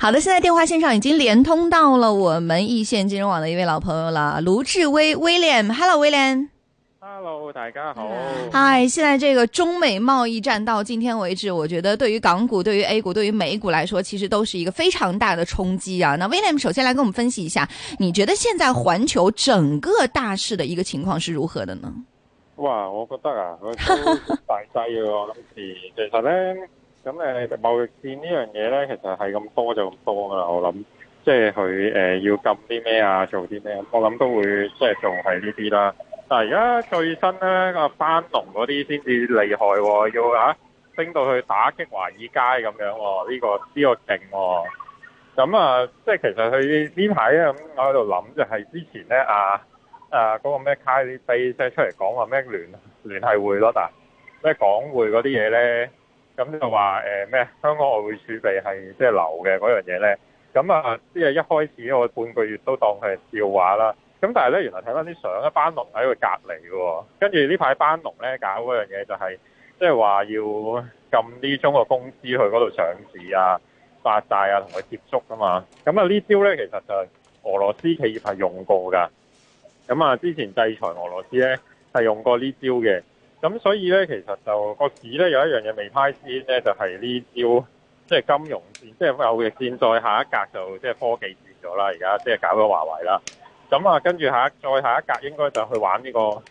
好的，現在電話線上已經連通到了我們易線金融網的一位老朋友啦，盧志威 William，Hello William，Hello 大家好，Hi，現在這個中美貿易戰到今天為止，我覺得對於港股、對於 A 股、對於美股來說，其實都是一個非常大的衝擊啊。那 William 首先來跟我們分析一下，你覺得現在環球整個大勢的一個情況是如何的呢？哇，我覺得啊，大低嘅，我當時其實咧。咁誒，貿、嗯、易戰呢樣嘢咧，其實係咁多就咁多噶、呃、啦。我諗，即係佢誒要撳啲咩啊，做啲咩，我諗都會即係仲係呢啲啦。但係而家最新咧個翻農嗰啲先至厲害、哦，要吓、啊、升到去打擊華爾街咁樣、哦，呢、這個呢、這個勁、哦。咁、嗯、啊，即係其實佢呢排咧，咁我喺度諗就係之前咧啊，誒、啊、嗰、那個咩卡尼基即係出嚟講話咩聯聯繫會咯，但即咩港會嗰啲嘢咧。咁就話誒咩？香港外匯儲備係即係留嘅嗰樣嘢咧。咁啊，即係一開始我半個月都當佢係笑話啦。咁但係咧，原來睇翻啲相，班農喺佢隔離嘅。跟住呢排班農咧搞嗰樣嘢、就係，就係即係話要禁呢啲中國公司去嗰度上市啊、發債啊，同佢接觸啊嘛。咁啊，呢招咧其實就係俄羅斯企業係用過㗎。咁啊，之前制裁俄羅斯咧係用過呢招嘅。咁所以咧，其實就個市咧有一樣嘢未派先咧，就係、是、呢招即係、就是、金融戰，即係有嘅戰，在下一格就即係、就是、科技戰咗啦。而家即係搞咗華為啦。咁、嗯、啊，跟住下一再下一格，應該就去玩呢、這個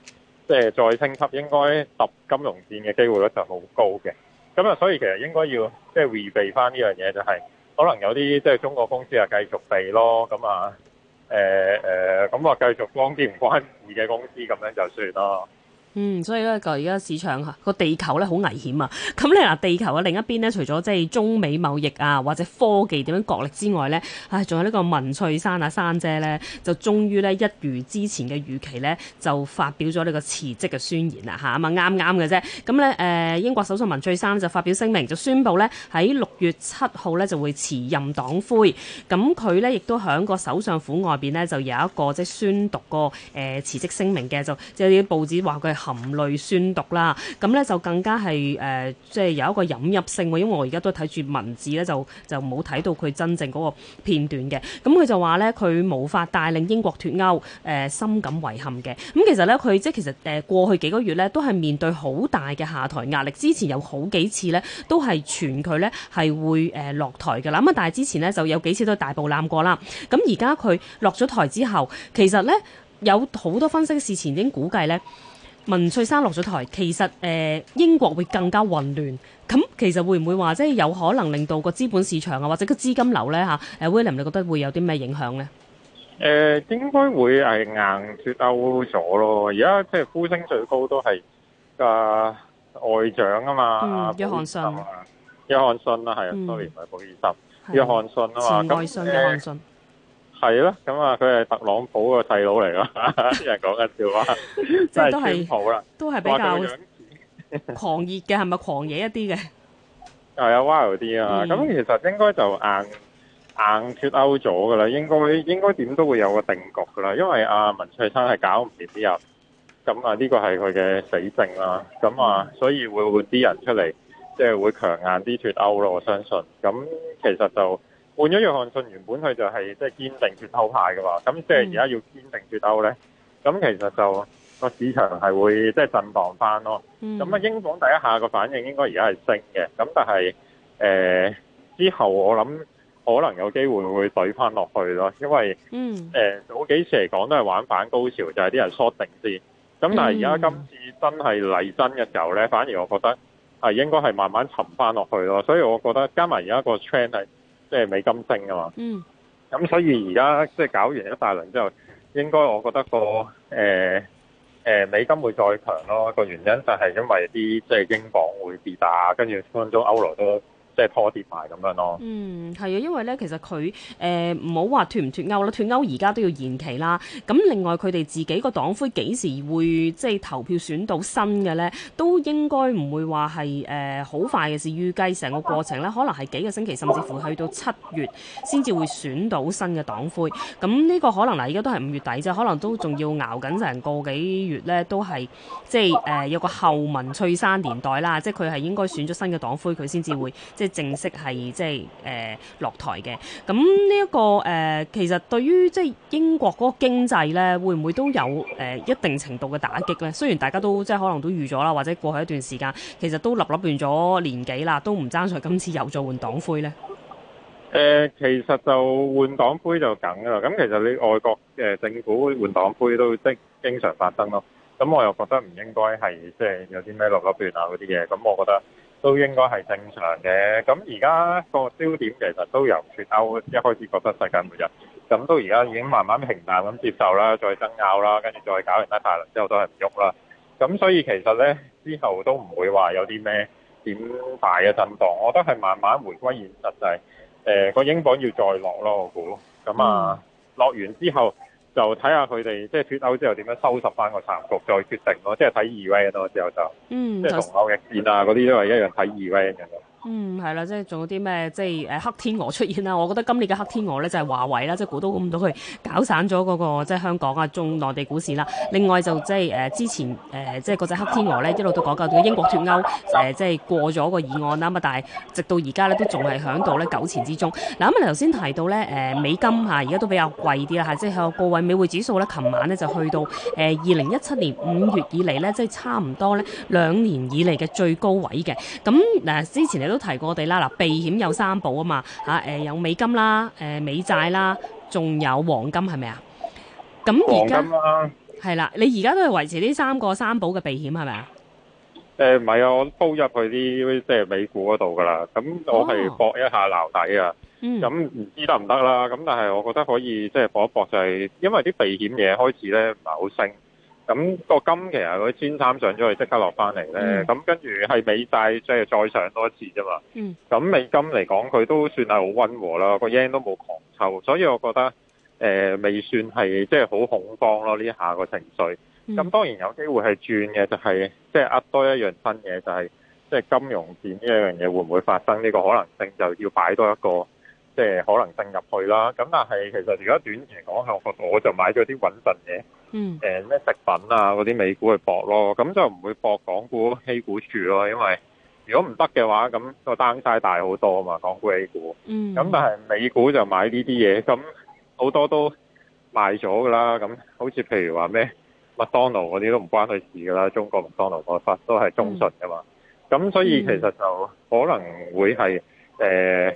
即係、就是、再升級，應該揼金融戰嘅機會率就好高嘅。咁、嗯、啊，所以其實應該要即係備翻呢樣嘢，就係、是就是、可能有啲即係中國公司啊繼續避，避咯。咁、嗯、啊，誒、嗯、誒，咁、嗯、啊、嗯嗯嗯嗯、繼續幫啲唔關事嘅公司咁樣就算咯。嗯，所以咧，就而家市場吓個地球咧好危險啊！咁咧嗱，地球嘅、啊、另一邊咧，除咗即係中美貿易啊，或者科技點樣角力之外咧，唉、哎，仲有呢個文翠珊啊，珊姐咧就終於咧，一如之前嘅預期咧，就發表咗呢個辭職嘅宣言啦，吓、嗯，咁啊啱啱嘅啫。咁咧，誒，英國首相文翠珊就發表聲明，就宣布咧喺六月七號咧就會辭任黨魁，咁佢咧亦都響個首相府外邊呢，就有一個即係、就是、宣讀個誒、呃、辭職聲明嘅，就即係啲報紙話佢係含淚宣讀啦。咁咧就更加係誒、呃、即係有一個引入性，因為我而家都睇住文字咧就就冇睇到佢真正嗰個片段嘅。咁佢就話咧佢無法帶領英國脱歐，誒、呃、深感遺憾嘅。咁、嗯、其實咧佢即係其實誒過去幾個月咧都係面對好大嘅下台壓力，之前有好幾次咧都係傳佢咧係。會誒落，、呃、台嘅啦，咁啊，但係之前咧就有幾次都大步檻過啦。咁而家佢落咗台之後，其實咧有好多分析事前已經估計咧，文翠珊落咗台，其實誒、呃、英國會更加混亂，咁其實會唔會話即係有可能令到個資本市場啊或者個資金流咧吓，誒威廉你覺得會有啲咩影響咧？誒、呃、應該會係硬脱歐咗咯，而家即係呼聲最高都係啊、呃、外長啊嘛，約翰遜約翰遜啦，係啊，sorry 唔係保二十。約翰遜啊嘛，翰誒係咯，咁啊、嗯，佢係、嗯、特朗普個細佬嚟噶，啲、嗯、人講緊笑話，即係都係都係比較狂熱嘅，係咪狂野一啲嘅？係啊，wild 啲啊。咁其實應該就硬硬脫歐咗噶啦，應該應該點都會有個定局噶啦，因為阿、啊、文翠珊係搞唔掂啲人，咁啊呢個係佢嘅死症啦，咁、嗯、啊、嗯、所以會換啲人出嚟。即係會強硬啲脱歐咯，我相信。咁、嗯嗯、其實就換咗約翰遜，原本佢就係、嗯嗯、即係堅定脱歐派噶嘛。咁即係而家要堅定脱歐咧，咁、嗯、其實就個市場係會即係震蕩翻咯。咁啊，英鎊第一下個反應應該而家係升嘅。咁但係誒之後我諗可能有機會會懟翻落去咯，因為誒早幾次嚟講都係玩反高潮，就係啲人 short 定先。咁但係而家今次真係嚟真嘅時候咧，反而我覺得。嗯嗯嗯係應該係慢慢沉翻落去咯，所以我覺得加埋而家個 trend 係即係美金升啊嘛，咁、嗯、所以而家即係搞完一大輪之後，應該我覺得個誒誒、呃呃、美金會再強咯。個原因就係因為啲即係英鎊會跌打，跟住分分鐘歐羅都。即係拖跌埋咁樣咯。嗯，係啊，因為咧，其實佢誒唔好話脫唔脫歐啦，脫歐而家都要延期啦。咁另外佢哋自己個黨魁幾時會即係投票選到新嘅咧，都應該唔會話係誒好快嘅事。預計成個過程咧，可能係幾個星期，甚至乎去到七月先至會選到新嘅黨魁。咁呢個可能嗱，而、呃、家都係五月底啫，可能都仲要熬緊成個幾月咧，都係即係誒、呃、有個後文翠珊年代啦。即係佢係應該選咗新嘅黨魁，佢先至會即係。正式係即係誒落台嘅，咁呢一個誒、呃、其實對於即係英國嗰個經濟咧，會唔會都有誒、呃、一定程度嘅打擊咧？雖然大家都即係可能都預咗啦，或者過去一段時間，其實都立立亂咗年幾啦，都唔爭上今次又再換黨魁咧。誒、呃，其實就換黨魁就梗啦，咁其實你外國誒政府換黨魁都即係經常發生咯。咁我又覺得唔應該係即係有啲咩立立亂啊嗰啲嘢。咁我覺得。都應該係正常嘅，咁而家個焦點其實都由脫歐一開始覺得世界末日，咁都而家已經慢慢平淡咁接受啦，再爭拗啦，跟住再搞完一大輪之後都係唔喐啦，咁所以其實呢之後都唔會話有啲咩點大嘅震盪，我覺得係慢慢回歸現實，就係誒個英鎊要再落咯，我估，咁啊落完之後。就睇下佢哋即係脫歐之後點樣收拾翻個殘局，再決定咯。即係睇二威咯，之後就嗯，即係同貿易戰啊啲都係一樣睇二威嘅。嗯，係啦，即係仲有啲咩？即係誒，黑天鵝出現啦。我覺得今年嘅黑天鵝咧，就係、是、華為啦，即係估都估唔到，佢搞散咗嗰、那個即係香港啊，中內地股市啦。另外就即係誒、呃，之前誒、呃，即係嗰隻黑天鵝咧，一路都講緊英國脱歐誒，即係過咗個議案啦。咁但係直到而家咧，都仲係響度咧糾纏之中。嗱，咁啊，頭先提到咧，誒、呃，美金吓、啊，而家都比較貴啲啦吓，即係個位美匯指數咧，琴晚咧就去到誒二零一七年五月以嚟咧，即係差唔多咧兩年以嚟嘅最高位嘅。咁嗱、呃，之前都提過我哋啦。嗱，避險有三寶啊嘛，吓、呃、誒有美金啦，誒、呃、美債啦，仲有黃金係咪啊？咁而家係啦，你而家都係維持呢三個三寶嘅避險係咪啊？誒唔係啊，我鋪入去啲即係美股嗰度噶啦，咁我係搏一下撈底啊，咁唔、哦、知得唔得啦？咁、嗯、但係我覺得可以即係搏一搏，就係、是、因為啲避險嘢開始咧唔係好升。咁個金其實佢千三上咗去，即刻落翻嚟咧。咁、嗯、跟住係美債即係再上多一次啫嘛。咁、嗯、美金嚟講，佢都算係好溫和啦，個 yen 都冇狂抽，所以我覺得誒、呃、未算係即係好恐慌咯呢下個情緒。咁當然有機會係轉嘅，就係即係呃多一樣新嘢，就係即係金融戰呢樣嘢會唔會發生？呢、這個可能性就要擺多一個即係、就是、可能性入去啦。咁但係其實如果短期講下，我，我就買咗啲穩陣嘢。嗯，誒咩食品啊，嗰啲美股去搏咯，咁就唔會搏港股、A 股住咯，因為如果唔得嘅話，咁、那個 down size 大好多嘛，港股 A 股。嗯。咁但係美股就買呢啲嘢，咁好多都賣咗噶啦，咁好似譬如話咩麥當勞嗰啲都唔關佢事噶啦，中國麥當勞嗰忽都係中信噶嘛，咁、嗯、所以其實就可能會係誒，即係、嗯呃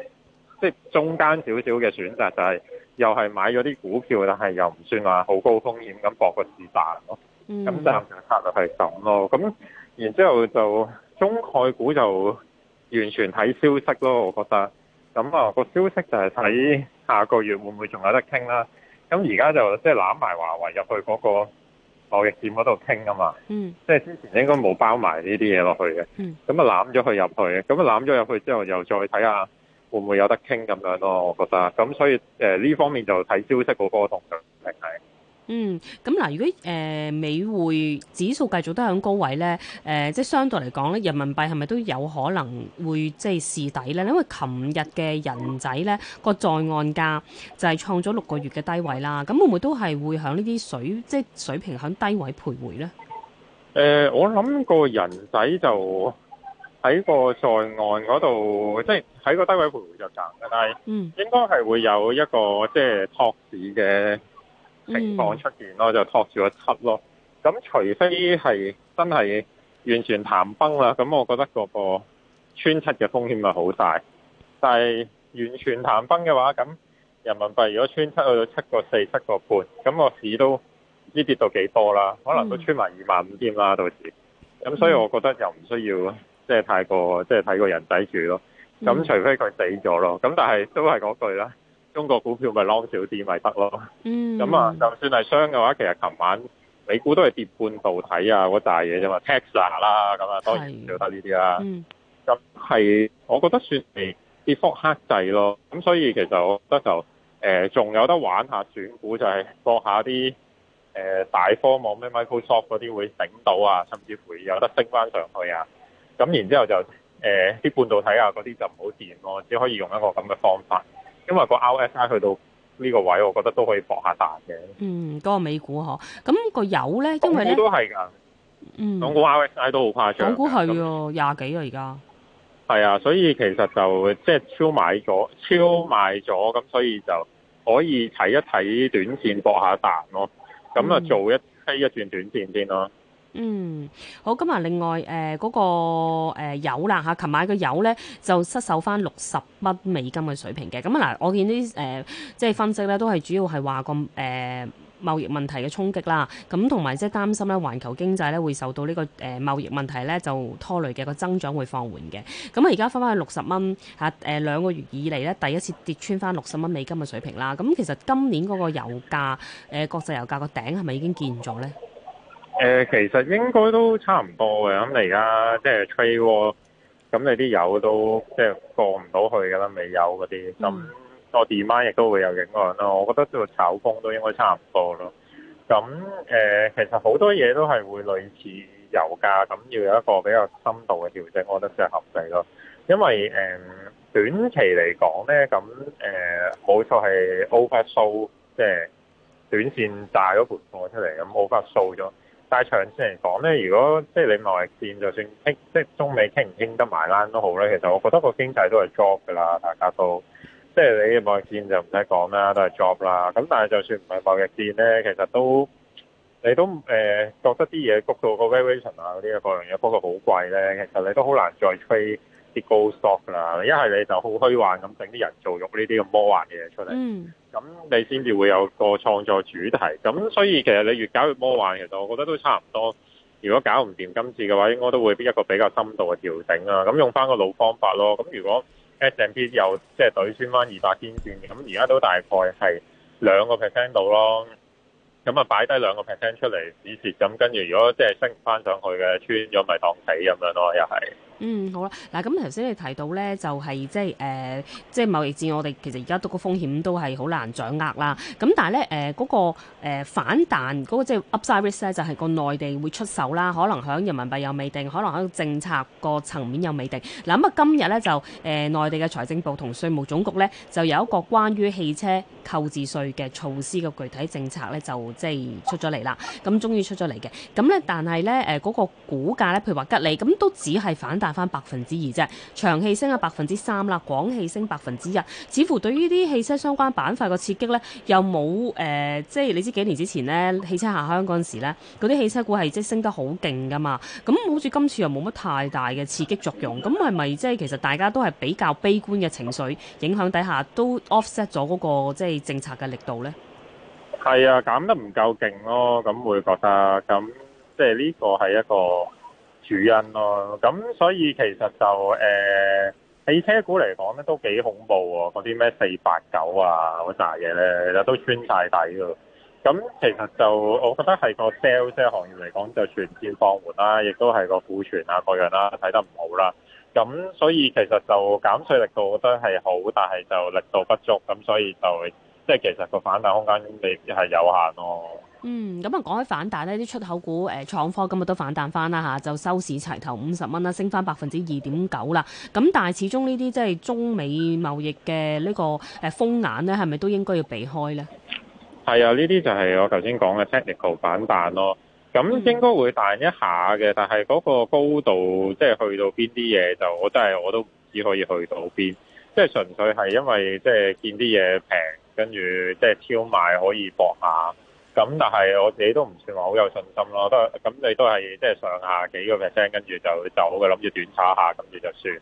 就是、中間少少嘅選擇就係、是。又係買咗啲股票，但係又唔算話好高風險咁搏個市大。咯、mm。咁最後嘅策略係咁咯。咁然之後就中概股就完全睇消息咯。我覺得咁啊、嗰個消息就係睇下個月會唔會仲有得傾啦。咁而家就即係攬埋華為入去嗰個貿易店嗰度傾啊嘛。嗯、mm。即、hmm。係之前應該冇包埋呢啲嘢落去嘅。嗯、mm。咁啊攬咗佢入去，咁啊攬咗入去之後，又再睇下。會唔會有得傾咁樣咯、啊？我覺得咁，所以誒呢、呃、方面就睇消息個波動就係、是。嗯，咁嗱、啊，如果誒、呃、美匯指數繼續都喺高位咧，誒、呃、即係相對嚟講咧，人民幣係咪都有可能會即係試底咧？因為琴日嘅人仔咧個在岸價就係創咗六個月嘅低位啦。咁會唔會都係會喺呢啲水即係水平喺低位徘徊咧？誒、呃，我諗個人仔就。喺個在岸嗰度，即係喺個低位徘徊就掙嘅，但係應該係會有一個即係托市嘅情況出現咯，嗯、就托住個七咯。咁除非係真係完全談崩啦，咁我覺得嗰個穿七嘅風險咪好大。但係完全談崩嘅話，咁人民幣如果穿七去到七個四、七個半，咁個市都呢跌到幾多啦？可能都穿埋二萬五添啦。到時咁，所以我覺得又唔需要。即係太過，即係睇過人仔住咯。咁除非佢死咗咯。咁、嗯、但係都係嗰句啦，中國股票咪 long 少啲咪得咯。嗯。咁啊，就算係傷嘅話，其實琴晚美股都係跌半導體啊嗰扎嘢啫嘛，Tesla 啦，咁啊當然唔少得呢啲啦。嗯。咁係、啊，我覺得算係跌幅克制咯。咁所以其實我覺得就誒，仲、呃、有得玩下轉股，就係、是、博下啲誒、呃、大科網咩 Microsoft 嗰啲會頂到啊，甚至乎有得升翻上去啊。咁然之後就誒啲、呃、半導體啊嗰啲就唔好掂咯，只可以用一個咁嘅方法，因為個 RSI 去到呢個位，我覺得都可以搏下彈嘅。嗯，都係美股嗬。咁、嗰個油咧，因為咧，我估都嗯，港股 R、SI、SI 都好誇張，港股係喎廿幾啊，而家係啊，所以其實就即係超買咗，超賣咗咁，所以就可以睇一睇短線搏下彈咯。咁啊，做一批、嗯、一段短線先咯。嗯，好，咁啊，另外，誒，嗰個誒油啦吓，琴晚個油咧就失守翻六十蚊美金嘅水平嘅，咁啊嗱，我見啲誒即係分析咧，都係主要係話個誒貿易問題嘅衝擊啦，咁同埋即係擔心咧環球經濟咧會受到呢個誒貿易問題咧就拖累嘅個增長會放緩嘅，咁啊而家翻翻去六十蚊吓，誒兩個月以嚟咧第一次跌穿翻六十蚊美金嘅水平啦，咁其實今年嗰個油價誒國際油價個頂係咪已經見咗咧？誒、呃,其實應該都差唔多嘅，咁、嗯、你而家即係 trade 咁你啲油都即係過唔到去噶啦，未有嗰啲，咁、嗯、我的 demand 亦都會有影響咯，我覺得做炒工都應該差唔多咯。咁誒、呃，其實好多嘢都係會類似油價，咁要有一個比較深度嘅調整，我覺得先係合理咯。因為誒、呃，短期嚟講咧，咁誒冇、呃、錯係 overshow，即係短線大咗盤貨出嚟，咁 overshow 咗。Show 但係長線嚟講咧，如果即係你貿易戰，就算傾即係中美傾唔傾得埋欄都好咧，其實我覺得個經濟都係 drop 㗎啦。大家都即係你貿易戰就唔使講啦，都係 drop 啦。咁但係就算唔係貿易戰咧，其實都你都誒、呃、覺得啲嘢谷到個 variation 啊嗰啲各樣嘢，不過好貴咧，其實你都好難再吹。啲高 stock 啦，一係你就好虛幻咁整啲人造肉呢啲咁魔幻嘅嘢出嚟，咁、嗯、你先至會有個創作主題。咁所以其實你越搞越魔幻，其實我覺得都差唔多。如果搞唔掂今次嘅話，應該都會一個比較深度嘅調整啊。咁用翻個老方法咯。咁如果 S and P 又即係懟穿翻二百天線，咁而家都大概係兩個 percent 度咯。咁啊，擺低兩個 percent 出嚟止蝕，咁跟住如果即係升翻上去嘅，穿咗咪當死咁樣咯，又係。嗯，好啦，嗱，咁頭先你提到咧、就係呃，就係即係誒，即係貿易戰，我哋其實而家都個風險都係好難掌握啦。咁但係咧，誒、呃、嗰、嗰個反彈嗰、嗰個即係 Upside Risk 咧，就係個內地會出手啦。可能響人民幣又未定，可能響政策個層面又未定。嗱，咁啊，今日咧就誒內、呃、地嘅財政部同稅務總局咧，就有一個關於汽車購置稅嘅措施嘅具體政策咧，就即係出咗嚟啦。咁終於出咗嚟嘅，咁咧，但係咧誒嗰個股價咧，譬如話吉利咁，都只係反彈翻百分之二啫，長汽升啊百分之三啦，廣汽升百分之一，似乎對於啲汽車相關板塊個刺激呢，又冇誒，即係你知幾年之前呢，汽車下鄉嗰陣時咧，嗰啲汽車股係即係升得好勁噶嘛，咁好似今次又冇乜太大嘅刺激作用，咁係咪即係其實大家都係比較悲觀嘅情緒影響底下都、那個，都 offset 咗嗰個即係政策嘅力度呢？係啊，減得唔夠勁咯，咁會覺得，咁即係呢個係一個。主因咯、啊，咁所以其實就誒、欸、汽車股嚟講咧都幾恐怖喎、啊，嗰啲咩四八九啊嗰扎嘢咧，其實都穿晒底噶。咁其實就我覺得係個 sell 車行業嚟講就全線放緩啦、啊，亦都係個庫存啊各樣啦、啊、睇得唔好啦、啊。咁所以其實就減稅力度我覺得係好，但係就力度不足，咁所以就即係、就是、其實個反彈空間都未必係有限咯、啊。嗯，咁啊，講起反彈呢啲出口股誒、呃、創科今日都反彈翻啦嚇，就收市齊頭五十蚊啦，升翻百分之二點九啦。咁、啊、但係始終呢啲即係中美貿易嘅呢個誒風眼咧，係咪都應該要避開咧？係啊，呢啲就係我頭先講嘅 technical 反彈咯。咁應該會彈一下嘅，但係嗰個高度即係、就是、去到邊啲嘢，就我真係我都唔知可以去到邊。即、就、係、是、純粹係因為即係、就是、見啲嘢平，跟住即係挑買可以搏下。咁但係我自己都唔算話好有信心咯，都咁你都係即係上下幾個 percent，跟住就就好嘅，諗住短炒下，跟住就，就算。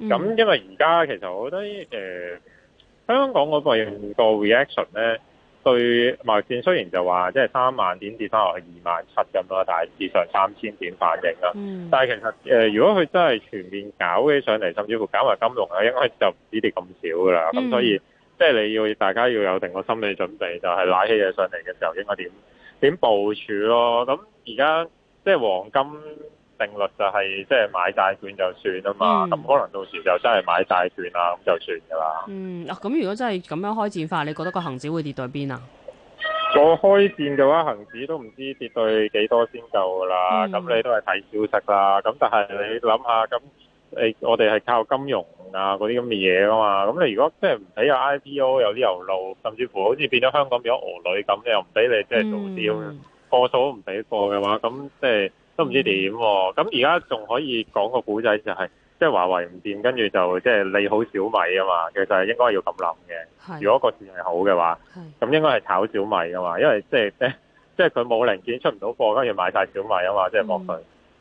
咁因為而家其實我覺得誒、呃、香港嗰邊個 reaction 咧，對貿易戰雖然就話即係三萬點跌翻落去二萬七咁啦，3, 2, 7, 但係至上三千點反應啦。嗯、但係其實誒，如果佢真係全面搞起上嚟，甚至乎搞埋金融咧，應該就唔止跌咁少噶啦。咁所以。嗯即係你要大家要有定個心理準備，就係拉起嘢上嚟嘅時候應該點點部署咯。咁而家即係黃金定律就係、是、即係買債券就算啊嘛。咁、嗯、可能到時就真係買債券、嗯、啊，咁就算噶啦。嗯，咁如果真係咁樣開戰法，你覺得個恆指會跌到邊啊？我開戰嘅話，恆指都唔知跌到幾多先夠噶啦。咁、嗯、你都係睇消息啦。咁但係你諗下咁。你、欸、我哋係靠金融啊嗰啲咁嘅嘢噶嘛，咁你如果即係唔俾有 IPO 有啲油路，甚至乎好似變咗香港變咗俄女咁，又你又唔俾你即係做啲貨數都唔俾貨嘅話，咁即係都唔知點。咁而家仲可以講、就是啊、個古仔就係、是，即、就、係、是、華為唔掂，跟住就即係利好小米啊嘛。其實係應該要咁諗嘅。是如果個市係好嘅話，咁是應該係炒小米噶嘛，因為即係即係佢冇零件出唔到貨，跟住買晒小米啊嘛，即係幫佢。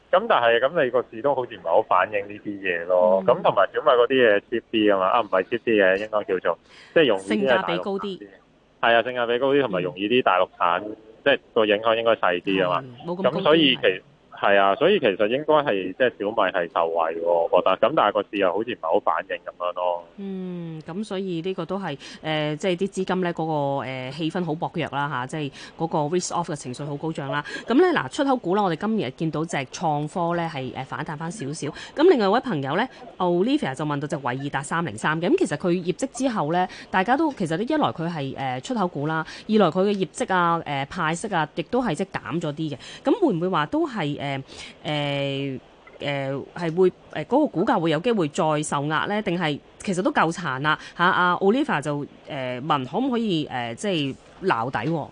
咁但係咁你個市都好似唔係好反映呢啲嘢咯，咁同埋小米嗰啲嘢 cheap 啲啊嘛，啊唔係 cheap 啲嘢，應該叫做即係容易性價比高啲，係啊，性價比高啲同埋容易啲大陸產，嗯、即係個影響應該細啲啊嘛，咁所以其實。係、嗯呃那個呃、啊，所以其實應該係即係小米係受惠喎，覺得咁，但係個市又好似唔係好反應咁樣咯。嗯，咁所以呢個都係誒，即係啲資金咧嗰個誒氣氛好薄弱啦吓，即係嗰個 risk off 嘅情緒好高漲、啊、呢啦。咁咧嗱，出口股啦，我哋今日見到隻創科咧係誒反彈翻少少。咁另外一位朋友咧 Olivia 就問到隻維爾達三零三嘅，咁、啊、其實佢業績之後咧，大家都其實咧一來佢係誒出口股啦，二來佢嘅業績啊、誒、啊、派息啊，亦、啊、都係即係減咗啲嘅。咁會唔會話都係誒？誒誒誒，係、欸欸、會誒嗰、欸那個股價會有機會再受壓咧？定係其實都夠殘啦嚇！阿、啊、Oliver 就誒問可唔可以誒、啊、即係撈底、哦？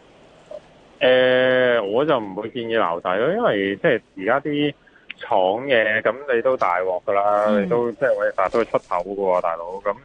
誒、欸，我就唔會建議撈底咯，因為即係而家啲廠嘅咁，你都大鑊㗎喇，嗯、你都即係我哋話都要出口㗎喎，大佬。咁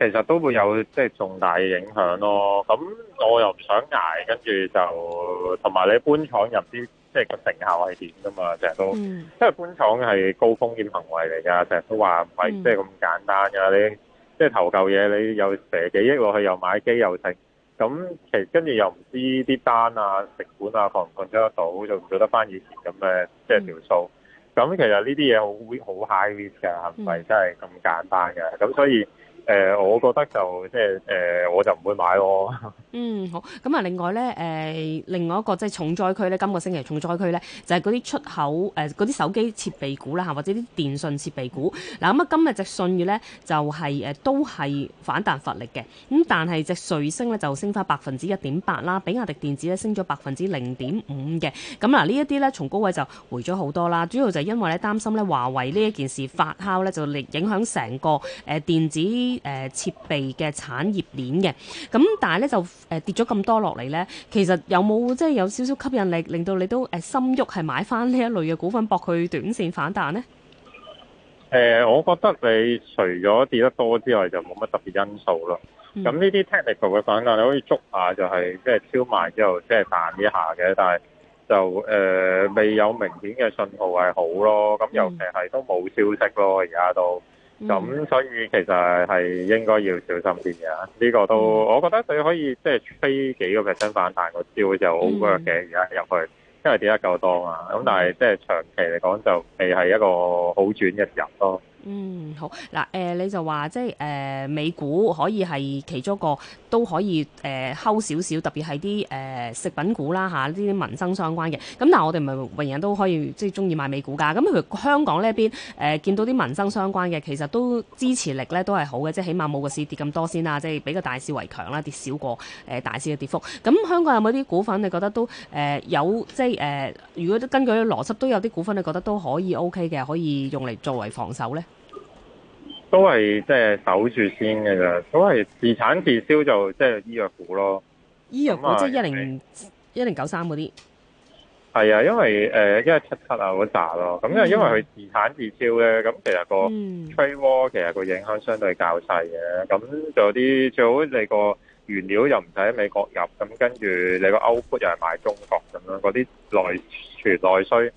其實都會有即係重大嘅影響咯。咁我又唔想捱，跟住就同埋你搬廠入啲。即係個成效係點㗎嘛？成日都，mm. 因為觀廠係高風險行為嚟㗎，成日都話唔係，即係咁簡單㗎？你即係投舊嘢，你又射幾億落去，又買機又勝，咁其實跟住又唔知啲單啊、成本啊，放唔放得得到，做唔做得翻以前咁嘅即係條數？咁其實呢啲嘢好好 high risk 㗎，係唔係真係咁簡單㗎，咁、mm. 所以。誒、呃，我覺得就即係，誒、呃，我就唔會買咯。 嗯，好。咁啊，另外咧，誒、呃，另外一個即係重災區咧，今個星期重災區咧，就係嗰啲出口誒，嗰、呃、啲手機設備股啦嚇，或者啲電信設備股。嗱，咁啊，今日隻舜宇咧就係、是、誒都係反彈乏力嘅。咁但係隻瑞聲咧就升翻百分之一點八啦，比亞迪電子咧升咗百分之零點五嘅。咁嗱，啊、呢一啲咧從高位就回咗好多啦。主要就係因為咧擔心咧華為呢一件事發酵咧，就令影響成個誒、呃、電子。啲誒設備嘅產業鏈嘅，咁但係咧就誒跌咗咁多落嚟咧，其實有冇即係有少少吸引力，令到你都誒心喐，係買返呢一類嘅股份博佢短線反彈咧？誒，我覺得你除咗跌得多之外，就冇乜特別因素咯。咁呢啲 technical 嘅反彈你可以捉下、就係，就係即係超賣之後即係彈一下嘅，但係就誒、呃、未有明顯嘅信號係好咯。咁尤其係都冇消息咯，而家都。咁、mm hmm. 所以其實係應該要小心啲嘅呢個都、mm hmm. 我覺得你可以即係吹幾個 percent 反彈個招就好 work 嘅，而家入去，因為跌得夠多啊。咁但係即係長期嚟講就未係一個好轉嘅時候咯。嗯，好嗱，誒、呃，你就話即係誒、呃，美股可以係其中一個都可以誒，溝少、呃、少，特別係啲誒食品股啦吓，啲、啊、民生相關嘅。咁但係我哋唔係永遠都可以即係中意買美股噶。咁譬如香港呢一邊誒，見到啲民生相關嘅，其實都支持力咧都係好嘅，即係起碼冇個市跌咁多先啦，即係俾個大市為強啦，跌少過誒、呃、大市嘅跌幅。咁香港有冇啲股份你覺得都誒有、呃、即係誒、呃，如果根據邏輯都有啲股份你覺得都可以 O K 嘅，可以用嚟作為防守咧？都係即係守住先嘅咋，都係自產自銷就即係醫藥股咯。醫藥股即係一零一零九三嗰啲。係啊，因為誒，呃、因為七七啊嗰扎咯，咁因為因為佢自產自銷咧，咁其實個吹 r 其實個影響相對較細嘅。咁就、嗯、有啲最好你個原料又唔使喺美國入，咁跟住你個 o u 又係買中國咁樣，嗰啲內存內需，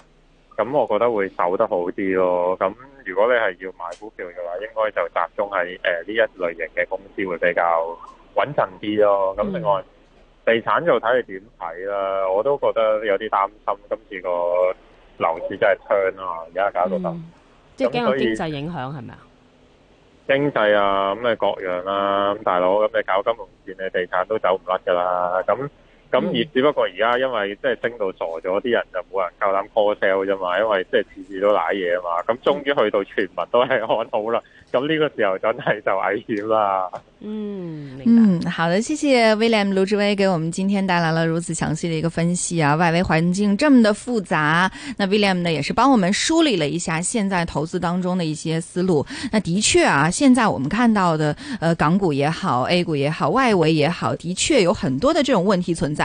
咁我覺得會守得好啲咯。咁。如果你係要買股票嘅話，應該就集中喺誒呢一類型嘅公司會比較穩陣啲咯。咁另外，嗯、地產就睇你點睇啦。我都覺得有啲擔心，今次個樓市真係㗱啊。而家搞到咁，即係驚個經濟影響係咪啊？經濟啊，咁你各樣啦、啊。咁大佬，咁你搞金融、戰你地產都走唔甩㗎啦。咁咁而、嗯、只不過而家因為即係升到傻咗，啲人就冇人夠膽 call sell 啫嘛，因為即係次次都瀨嘢啊嘛。咁、嗯嗯、終於去到全民都係看好啦，咁呢個時候真係就危險啦。明白，嗯，好的，謝謝 William 盧志威，給我們今天帶來了如此詳細的一個分析啊。外圍環境這麼的複雜，那 William 呢也是幫我們梳理了一下現在投資當中的一些思路。那的確啊，現在我們看到的，呃，港股也好，A 股也好，外圍也好，的確有很多的這種問題存在。